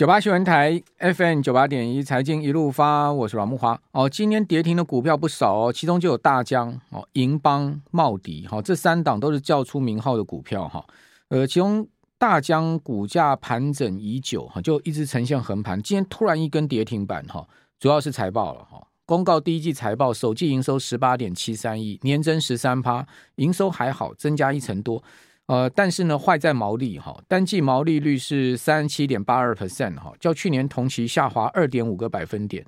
九八新聞台 FM 九八點一，1，財經一路發，我是阮木花哦，今天跌停的股票不少哦，其中就有大疆哦、銀邦、茂迪哈、哦、這三檔都是叫出名號的股票哈、哦。呃，其中大疆股價盤整已久哈、哦，就一直呈現橫盤，今天突然一根跌停板哈、哦，主要是財報了哈、哦。公告第一季財報，首季營收十八點七三億，年增十三趴，營收還好，增加一成多。呃，但是呢，壞在毛利哈、哦，單季毛利率是三十七點八二 percent 哈，較去年同期下滑二點五個百分點。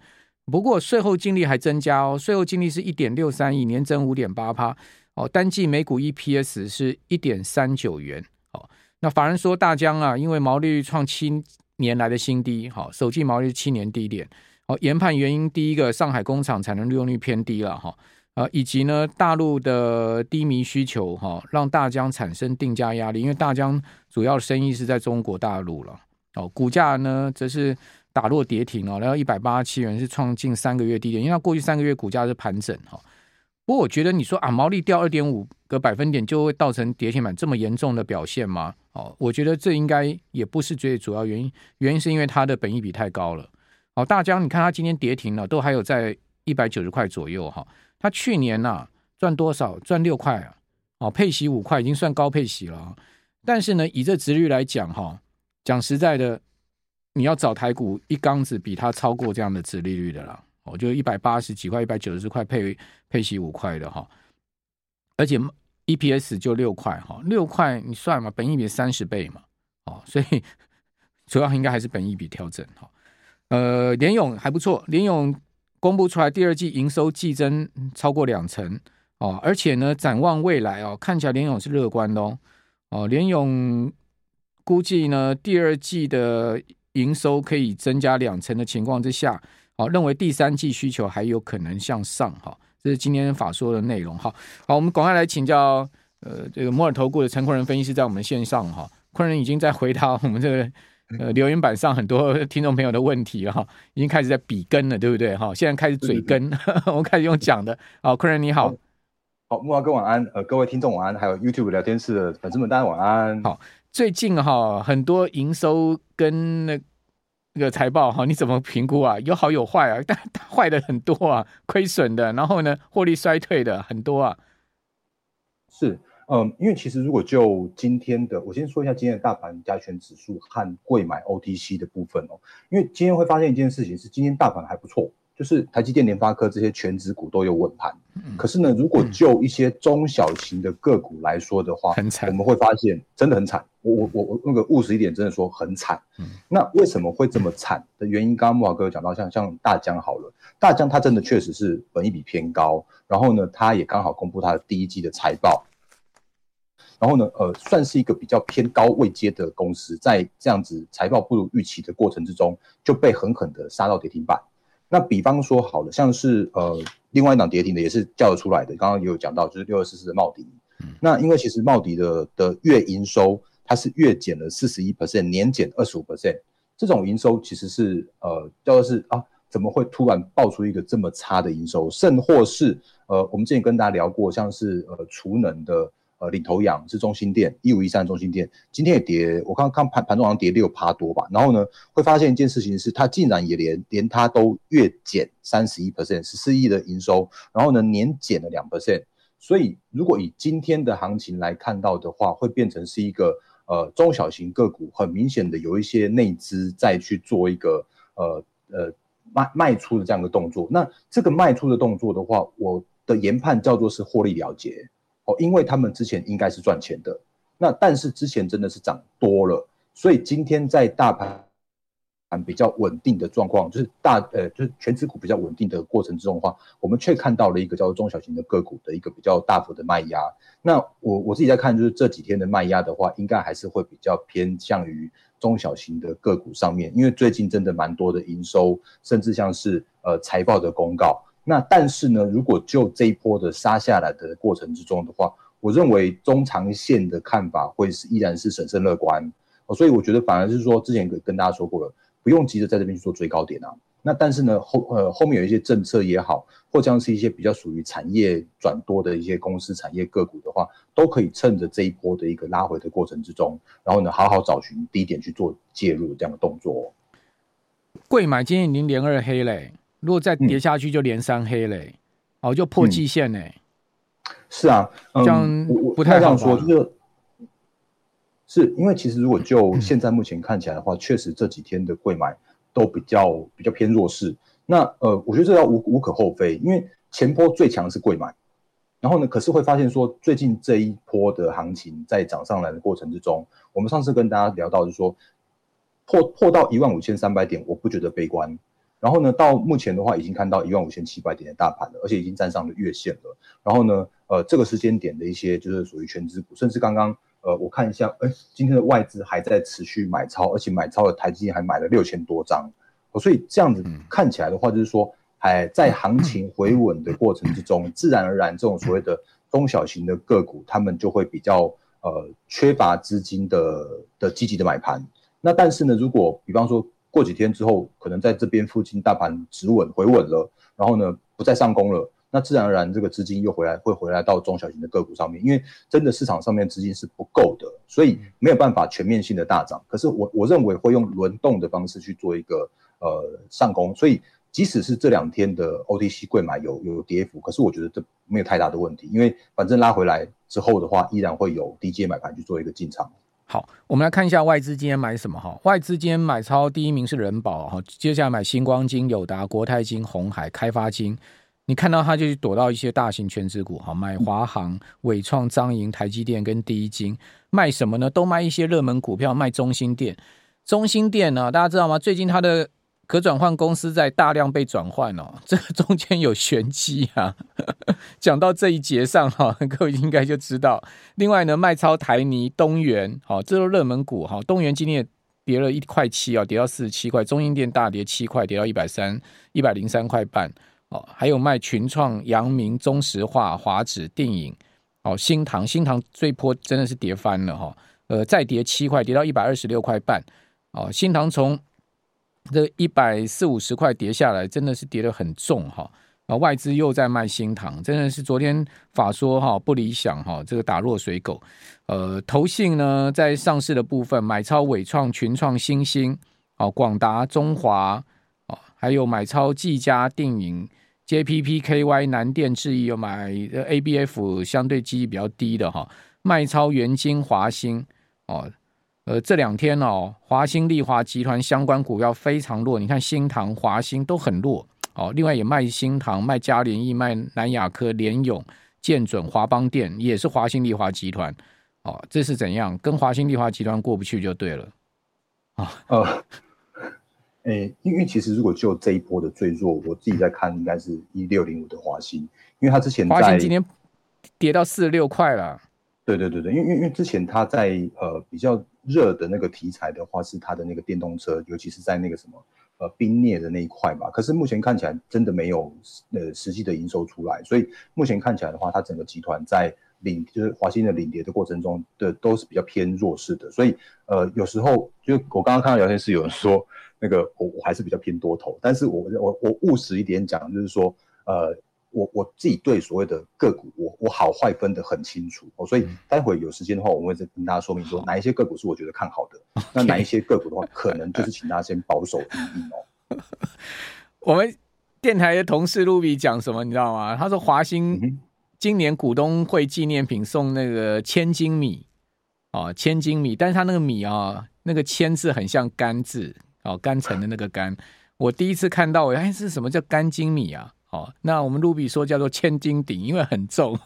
不過稅後淨利還增加哦，稅後淨利是一點六三億，年增五點八趴哦。單季每股 EPS 是一點三九元哦。那法人說大江啊，因為毛利率創七年來的新低哈，首、哦、季毛利是七年低點哦。研判原因，第一個上海工廠產能利用率偏低了哈。哦啊、呃，以及呢，大陸的低迷需求哈、哦，讓大疆產生定價壓力，因為大疆主要生意是在中國大陸了。哦，股價呢則是打落跌停了，然後一百八十七元，是創近三個月低點，因為它過去三個月股價是盤整哈、哦。不過我覺得你說啊，毛利掉二點五個百分點就會造成跌停板這麼嚴重的表現嗎？哦，我覺得這應該也不是最主要原因，原因是因為它的本益比太高了。哦，大疆你看它今天跌停了，都還有在一百九十塊左右哈。哦他去年吶、啊、賺多少？賺六塊啊，哦配息五塊，已經算高配息了。但是呢，以這殖利率來講，哈、哦，講實在的，你要找台股一缸子比它超過這樣的殖利率的啦，哦，就一百八十幾塊、一百九十塊配配息五塊的哈、哦，而且 EPS 就六塊哈，六、哦、塊你算嘛，本益比三十倍嘛，哦，所以主要應該還是本益比調整哈、哦。呃，聯詠還不錯，聯詠。公布出來，第二季營收季增超過兩成哦，而且呢，展望未來哦，看起來聯詠是樂觀的哦。哦，聯詠估計呢，第二季的營收可以增加兩成的情況之下，哦，認為第三季需求還有可能向上哈、哦。這是今天法說的內容哈、哦。好，我們趕快來請教，呃，這個摩爾投顧的陳昆仁分析師在我們線上哈、哦，昆仁已經在回答我們這個。呃，留言板上很多聽眾朋友的問題哈，已經開始在比跟了，對不對哈？現在開始嘴跟，是是是 我們開始用講的。是是好，昆仁你好，好、哦、慕驊哥晚安，呃，各位聽眾晚安，還有 YouTube 聊天室的粉絲們大家晚安。好，最近哈、哦、很多營收跟那個財報哈、哦，你怎麼評估啊？有好有壞啊，但，但壞的很多啊，虧損的，然後呢，獲利衰退的很多啊。是。嗯，因為其實如果就今天的，我先說一下今天的大盤加權指數和櫃買 OTC 的部分哦。因為今天會發現一件事情是，今天大盤還不錯，就是台積電、聯發科這些權值股都有穩盤。嗯、可是呢，如果就一些中小型的個股來說的話，很慘、嗯。我們會發現真的很慘。我我我我那個務實一點，真的說很慘。嗯、那為什麼會這麼慘的原因？剛剛慕驊哥講到像，像像大江好了，大江它真的確實是本益比偏高，然後呢，它也剛好公布它的第一季的財報。然後呢，呃，算是一個比較偏高位階的公司，在這樣子財報不如預期的過程之中，就被狠狠的殺到跌停板。那比方說好了，像是呃，另外一檔跌停的也是叫得出來的，剛剛也有講到，就是六二四四的茂迪。嗯、那因為其實茂迪的的月營收它是月減了四十一 percent，年減二十五 percent，這種營收其實是呃叫的、就是啊，怎麼會突然爆出一個這麼差的營收？甚或是呃，我們之前跟大家聊過，像是呃，儲能的。呃，領頭羊是中興電，一五一三中興電，今天也跌，我剛看盤，盤中好像跌六趴多吧。然後呢，會發現一件事情是，它竟然也連連它都月減三十一 percent，十四億的營收，然後呢年減了兩 percent。所以如果以今天的行情來看到的話，會變成是一個呃中小型個股很明顯的有一些內資在去做一個呃呃賣賣出的這樣的動作。那這個賣出的動作的話，我的研判叫做是獲利了結。哦，因為他們之前應該是賺錢的，那但是之前真的是漲多了，所以今天在大盤盤比較穩定的狀況，就是大呃就是權值股比較穩定的過程之中的話，我們卻看到了一個叫做中小型的個股的一個比較大幅的賣壓。那我我自己在看，就是這幾天的賣壓的話，應該還是會比較偏向於中小型的個股上面，因為最近真的蠻多的營收，甚至像是呃財報的公告。那但是呢，如果就這一波的殺下來的過程之中的話，我認為中長線的看法會是依然是審慎樂觀。哦，所以我覺得反而是說，之前跟跟大家說過了，不用急着在這邊去做最高點啊。那但是呢，後呃後面有一些政策也好，或將是一些比較屬於產業轉多的一些公司產業個股的話，都可以趁着這一波的一個拉回的過程之中，然後呢，好好找尋低點去做介入這樣的動作。櫃買今天已經連二黑嘞。如果再跌下去，就連三黑嘞、欸，嗯、哦，就破季線嘞，是啊，這樣不、嗯、太好說，就、嗯、是因為其實如果就現在目前看起來的話，確、嗯、實這幾天的櫃買都比較比較偏弱勢。那呃，我覺得這要無無可厚非，因為前波最強是櫃買，然後呢，可是會發現說最近這一波的行情在漲上來的過程之中，我們上次跟大家聊到，就是說破破到一萬五千三百點，我不覺得悲觀。然後呢，到目前的話，已經看到一萬五千七百點的大盤了，而且已經站上了月線了。然後呢，呃，這個時間點的一些就是屬於權值股，甚至剛剛呃，我看一下，誒、呃、今天的外資還在持續買超，而且買超的台積電還買了六千多張、呃。所以這樣子看起來的話，就是說，還、哎、在行情回穩的過程之中，自然而然這種所謂的中小型的個股，他們就會比較呃缺乏資金的的積極的買盤。那但是呢，如果比方說，過幾天之後，可能在這邊附近大盤止穩回穩了，然後呢，不再上攻了，那自然而然這個資金又回來，會回來到中小型的個股上面，因為真的市場上面資金是不夠的，所以沒有辦法全面性的大漲。可是我我認為會用輪動的方式去做一個呃，上攻，所以即使是這兩天的 OTC 櫃買有有跌幅，可是我覺得這沒有太大的問題，因為反正拉回來之後的話，依然會有低接買盤去做一個進場。好，我們來看一下外資今天買什麼哈。外資今天買超第一名是仁寶哈，接下來買新光金、友達、國泰金、鴻海、開發金。你看到他就是躲到一些大型權值股哈，買華航、緯創、彰銀、台積電跟第一金。賣什麼呢？都賣一些熱門股票，賣中興電。中興電呢、啊，大家知道嗎？最近它的可轉換公司在大量被轉換哦，這個中間有玄機啊。講到這一節上哈、哦，各位應該就知道。另外呢，賣超台泥東元好、哦，這都熱門股哈、哦。東元今天也跌了一塊七啊，跌到四十七塊。中英電大跌七塊，跌到一百三一百零三塊半。哦，還有賣群創、陽明、中石化、華指、電影。哦，新唐，新唐這波真的是跌翻了哈、哦。呃，再跌七塊，跌到一百二十六塊半。哦，新唐從這一百四五十塊跌下來，真的是跌得很重哈！啊、哦，外資又在賣新唐，真的是昨天法說哈、哦、不理想哈、哦，這個打落水狗。呃，投信呢在上市的部分買超偉創、群創、新星啊，廣、哦、達、廣達中華，啊、哦，還有買超技嘉定、定銀 JPPKY 南電、智易，有買 ABF 相對記憶比較低的哈、哦，賣超元晶、華星，哦。呃，這兩天哦，華新麗華集團相關股票非常弱，你看新唐、華新都很弱哦。另外也賣新唐、賣嘉聯益、賣南亞科、聯永、建準、華邦電也是華新麗華集團哦。這是怎樣？跟華新麗華集團過不去就對了啊。哦、呃，誒，因為其實如果就這一波的最弱，我自己在看應該是一六零五的華新，因為它之前華新今天跌到四十六塊了。對對對對，因因為因為之前它在呃比較。熱的那個題材的話，是它的那個電動車，尤其是在那個什麼，呃，冰裂的那一塊嘛。可是目前看起來真的沒有，呃，實際的營收出來，所以目前看起來的話，它整個集團在領就是華新的領跌的過程中的，的都是比較偏弱勢的。所以，呃，有時候就我剛剛看到聊天室有人說，那個我我還是比較偏多頭，但是我我我務實一點講，就是說，呃。我我自己對所謂的個股，我我好壞分得很清楚、哦、所以待會有時間的話，我們會再跟大家說明說哪一些個股是我覺得看好的，Okay. 那哪一些個股的話，可能就是請大家先保守、哦、 我們電台的同事露比講什麼，你知道嗎？他說華興今年股東會紀念品送那個千斤米哦，千斤米，但是他那個米啊、哦，那個千字很像甘字哦，甘蔗的那個甘 我第一次看到我，哎，是什麼叫甘金米啊？哦，那我們露比說叫做千斤頂，因為很重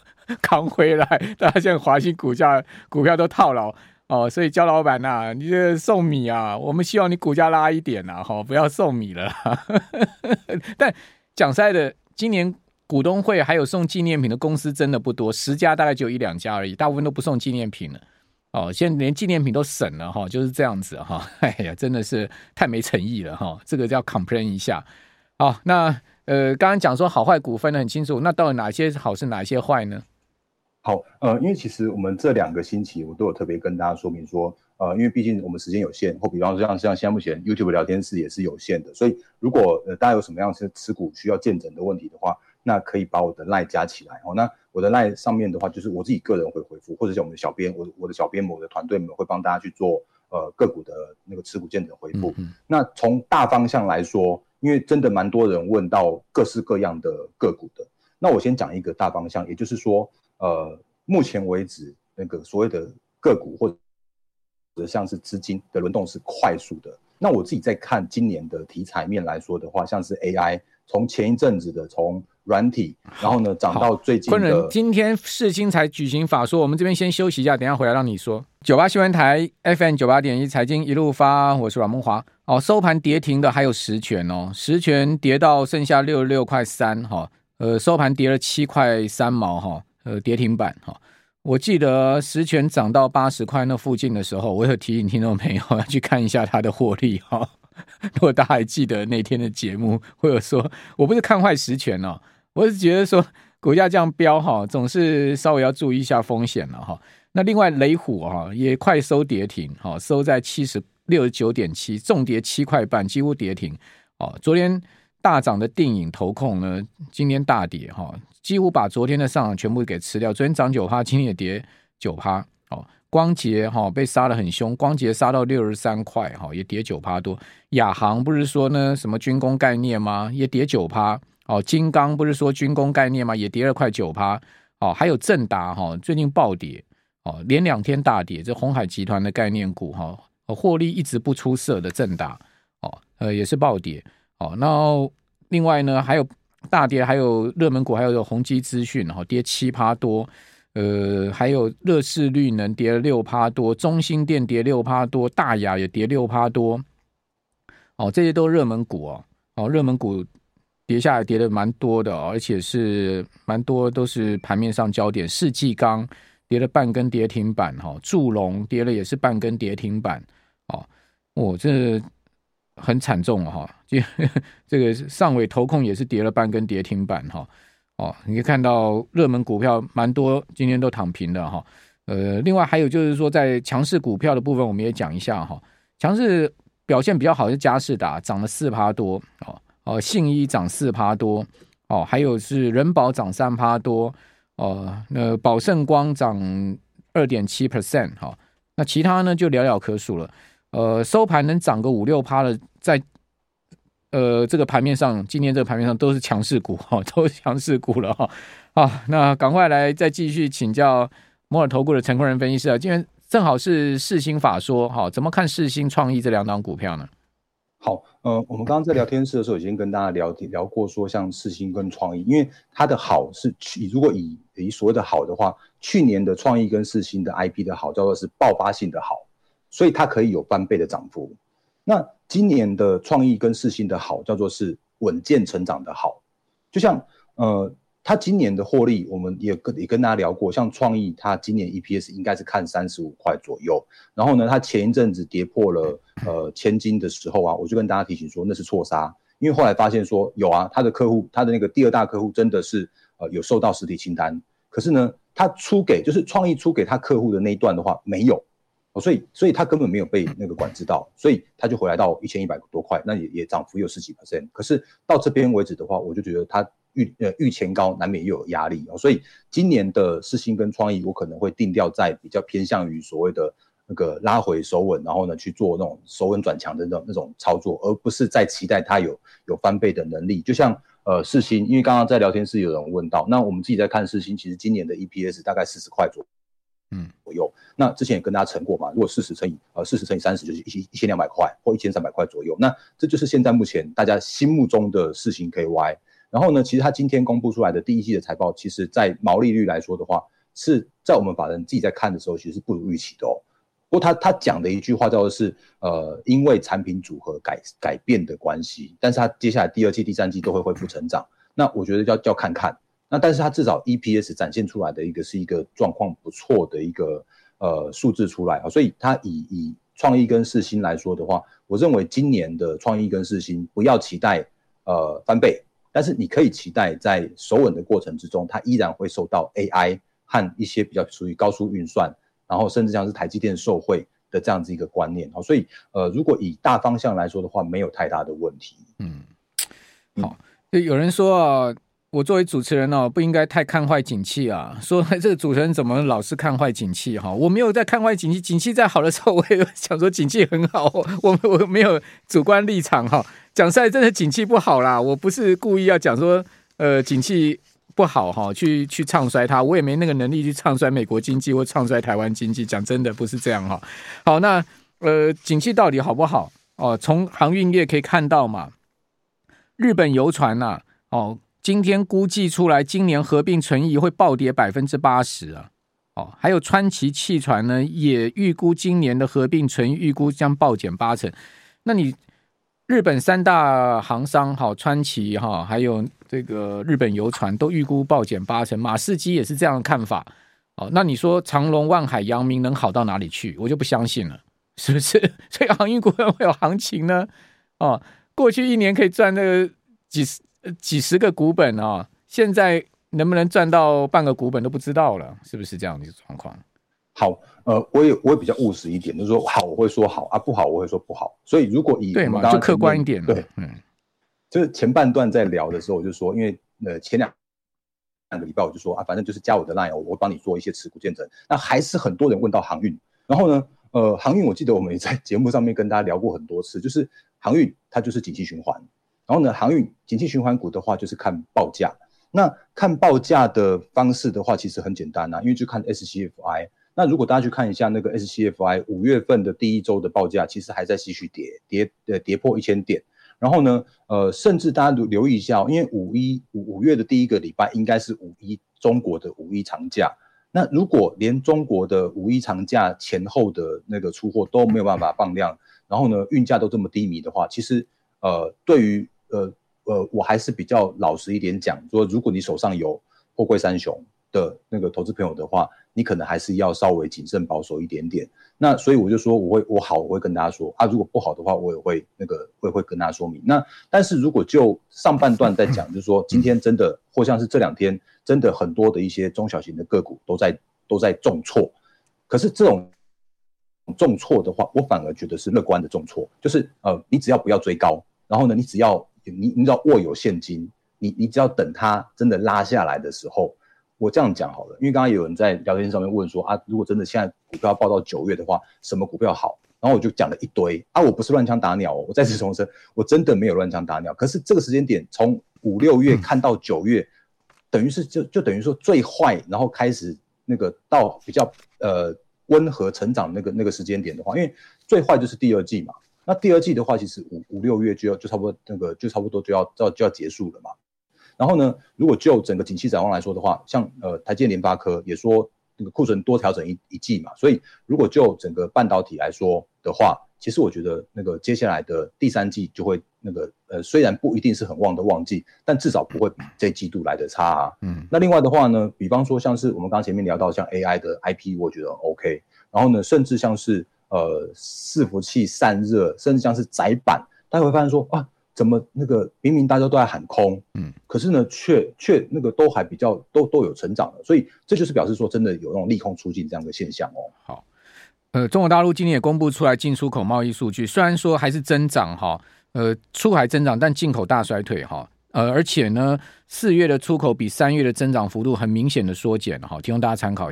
扛回來。大家現在華西股價股票都套牢哦，所以焦老板吶、啊，你這送米啊，我們希望你股價拉一點啊。哦、不要送米了。 但講實在的，今年股東會還有送紀念品的公司真的不多，十家大概就一兩家而已，大部分都不送紀念品了。哦，現在連紀念品都省了哈、哦，就是這樣子哈。哦哎、呀，真的是太沒誠意了哈、哦，這個叫 complain 一下。好、哦，那。呃，剛剛講說好壞股分得很清楚，那到底哪些是好，是哪些壞呢？好，呃，因為其實我們這兩個星期我都有特別跟大家說明說，呃，因為畢竟我們時間有限，或比方說像像現在目前 YouTube 聊天室也是有限的，所以如果呃大家有什麼樣的持股需要健診的問題的話，那可以把我的 LINE 加起來哦。那我的 LINE 上面的話，就是我自己個人會回復，或者我們的小編，我我的小編，我的團隊們會幫大家去做呃個股的那個持股健診回復。嗯、哼那從大方向來說。因為真的蠻多人問到各式各樣的個股的，那我先講一個大方向，也就是說，呃，目前為止那個所謂的個股或者像是資金的輪動是快速的，那我自己在看今年的題材面來說的話，像是 AI。從前一陣子的從軟體，然後呢漲到最近的。昆仁，今天世芯才舉行法說，我們這邊先休息一下，等一下回來讓你說。九八新聞台 FM 九八點一財經一路發，我是阮慕驊。哦，收盤跌停的還有十銓哦，十銓跌到剩下六十六塊三哈、哦，呃，收盤跌了七塊三毛哈、哦，呃，跌停板哈、哦。我記得十銓漲到八十塊那附近的時候，我有提醒聽眾朋友要去看一下它的獲利哈。哦 如果大家還記得那天的節目，或者說我不是看壞實權哦，我是覺得說股價這樣飆哈，總是稍微要注意一下風險了哈、哦。那另外雷虎哈、啊、也快收跌停哈、哦，收在七十六十九點七，重跌七塊半，幾乎跌停哦。昨天大漲的電影投控呢，今天大跌哈、哦，幾乎把昨天的上漲全部給吃掉。昨天漲九趴，今天也跌九趴哦。光捷哈、哦、被殺得很兇，光捷殺到六十三塊哈，也跌九趴多。亞航不是說呢什麼軍工概念嗎？也跌九趴。哦，金剛不是說軍工概念嗎？也跌了快九趴。哦，還有正達哈，最近暴跌哦，連兩天大跌。這鴻海集團的概念股哈，獲、哦、利一直不出色的正達哦，呃也是暴跌哦。那另外呢，還有大跌，還有熱門股，還有宏碁資訊、哦、跌七趴多。呃，還有熱市綠能跌了六趴多，中興電跌六趴多，大亞也跌六趴多，哦，這些都是熱門股哦，哦，熱門股跌下來跌的蠻多的、哦、而且是蠻多都是盤面上焦點，世紀鋼跌了半根跌停板哈、哦，祝龍跌了也是半根跌停板哦，哦，我這很慘重哈、哦，這這個上緯投控也是跌了半根跌停板哈、哦。哦，你可以看到熱門股票蠻多，今天都躺平的哈、哦。呃，另外還有就是說，在強勢股票的部分，我們也講一下哈、哦。強勢表現比較好是的、啊，佳世達漲了四趴多哦，哦，呃、信一漲四趴多哦，還有是仁寶漲三趴多哦，那寶盛光漲二點七 percent 哈，那其他呢就寥寥可數了。呃，收盤能漲個五六趴的，在。呃，這個盤面上，今天這個盤面上都是強勢股哈，都是強勢股了哈。好、啊，那趕快來再繼續請教摩爾投顧的陳昆仁分析師啊。今天正好是世芯法說哈、啊，怎麼看世芯創意這兩檔股票呢？好，呃，我們剛剛在聊天室的時候已經跟大家聊 聊過，說像世芯跟創意，因為它的好是去如果以以所謂的好的話，去年的創意跟世芯的 IP 的好叫做是爆發性的好，所以它可以有翻倍的漲幅。那今年的創意跟世芯的好叫做是穩健成長的好，就像呃，他今年的獲利我們也跟也跟大家聊過，像創意他今年 EPS 應該是看三十五塊左右，然後呢，他前一陣子跌破了呃千金的時候啊，我就跟大家提醒說那是錯殺，因為後來發現說有啊，他的客戶他的那個第二大客戶真的是呃有收到實體清單，可是呢，他出給就是創意出給他客戶的那一段的話沒有。哦、所以，所以他根本沒有被那個管制到，所以他就回來到一千一百多塊，那也也漲幅有十幾 percent。可是到這邊為止的話，我就覺得他預呃預前高難免又有壓力哦。所以今年的四星跟創意，我可能會定調在比較偏向於所謂的那個拉回守穩，然後呢去做那種守穩轉強的那那種操作，而不是在期待它有有翻倍的能力。就像呃四星，因為剛剛在聊天室有人問到，那我們自己在看四星，其實今年的 EPS 大概四十塊左右。嗯，左右。那之前也跟大家乘過嘛。如果四十乘以，呃，四十乘以三十就是一一千兩百塊或一千三百塊左右。那這就是現在目前大家心目中的世芯 K Y。然後呢，其實他今天公布出來的第一季的財報，其實在毛利率來說的話，是在我們法人自己在看的時候，其實是不如預期的哦。不過他他講的一句話叫做是，呃，因為產品組合改改變的關係，但是他接下來第二季、第三季都會恢復成長。那我覺得要要看看。那但是它至少 EPS 展現出來的一個是一個狀況不錯的一個呃數字出來啊，所以它以以創意跟世芯來說的話，我認為今年的創意跟世芯不要期待呃翻倍，但是你可以期待在守穩的過程之中，它依然會受到 AI 和一些比較屬於高速運算，然後甚至像是台積電受惠的這樣子一個觀念，所以呃如果以大方向來說的話，沒有太大的問題。嗯，好、嗯，就、哦、有人說啊。我作為主持人哦，不應該太看壞景氣啊。說這個主持人怎麼老是看壞景氣哈、哦？我沒有在看壞景氣，景氣再好的時候，我也想說景氣很好。我我沒有主觀立場哈、哦。講實在真的景氣不好啦。我不是故意要講說呃景氣不好哈、哦，去去唱衰它。我也沒那個能力去唱衰美國經濟或唱衰台灣經濟。講真的，不是這樣哈、哦。好，那呃，景氣到底好不好？哦，從航運業可以看到嘛。日本郵船吶、啊，哦。今天估計出來，今年合併存疑會暴跌百分之八十啊！哦，還有川崎汽船呢，也預估今年的合併存預估將暴減八成。那你日本三大航商，哈、哦，川崎哈、哦，還有這個日本游船都預估暴減八成，馬士基也是這樣的看法哦。那你說長榮、萬海、陽明能好到哪裡去？我就不相信了，是不是？所以航運股會有行情呢？哦，過去一年可以賺那個幾十。幾十個股本啊、哦，現在能不能賺到半個股本都不知道了，是不是這樣的狀況？好，呃，我也我也比較務實一點，就是說好我會說好啊，不好我會說不好。所以如果以對嘛，就客觀一點。對，嗯，就是前半段在聊的時候，我就說，因為呃前兩兩個禮拜我就說啊，反正就是加我的 line，我會幫你做一些持股健診。那還是很多人問到航運，然後呢，呃，航運我記得我們在節目上面跟大家聊過很多次，就是航運它就是景氣循環。然後呢，航運景氣循環股的話，就是看報價。那看報價的方式的話，其實很簡單啊，因為就看 SCFI。那如果大家去看一下那個 SCFI 五月份的第一周的報價，其實還在繼續跌，跌呃跌破一千點。然後呢，呃，甚至大家留留意一下、哦，因為五一五五月的第一個禮拜應該是五一中國的五一長假。那如果連中國的五一長假前後的那個出貨都沒有辦法放量，然後呢，運價都這麼低迷的話，其實呃，對於呃呃，我還是比較老實一點講，說如果你手上有貨櫃三雄的那個投資朋友的話，你可能還是要稍微謹慎保守一點點。那所以我就說，我會我好，我會跟大家說啊，如果不好的話，我也會那個會會跟大家說明。那但是如果就上半段在講，就是說今天真的或像是這兩天真的很多的一些中小型的個股都在都在重挫，可是這種重挫的話，我反而覺得是樂觀的重挫，就是呃，你只要不要追高，然後呢，你只要。你你知道握有現金，你你只要等它真的拉下來的時候，我這樣講好了，因為剛剛有人在聊天上面問說啊，如果真的現在股票要抱到九月的話，什麼股票好？然後我就講了一堆啊，我不是亂槍打鳥哦，我再次重申，我真的沒有亂槍打鳥。可是這個時間點從五六月看到九月，嗯、等於是就就等於說最壞，然後開始那個到比較呃溫和成長那個那個時間點的話，因為最壞就是第二季嘛。那第二季的話，其實五五六月就要就差不多那個就差不多就要要就要結束了嘛。然後呢，如果就整個景氣展望來說的話，像呃台積、聯發科也說那個庫存多調整一,一季嘛，所以如果就整個半導體來說的話，其實我覺得那個接下來的第三季就會那個呃雖然不一定是很旺的旺季，但至少不會比這季度來的差啊。嗯，那另外的話呢，比方說像是我們剛剛前面聊到像 AI 的 IP，我覺得很 OK。然後呢，甚至像是。呃，伺服器散熱，甚至像是窄板，大家會發現說啊，怎麼那個明明大家都在喊空，嗯，可是呢，卻卻那個都還比較都都有成長的，所以這就是表示說真的有那種利空出盡這樣的現象哦。好，呃，中國大陸今天也公布出來進出口貿易數據，雖然說還是增長哈，呃，出海增長，但進口大衰退哈，呃，而且呢，四月的出口比三月的增長幅度很明顯的縮減哈，提供大家參考。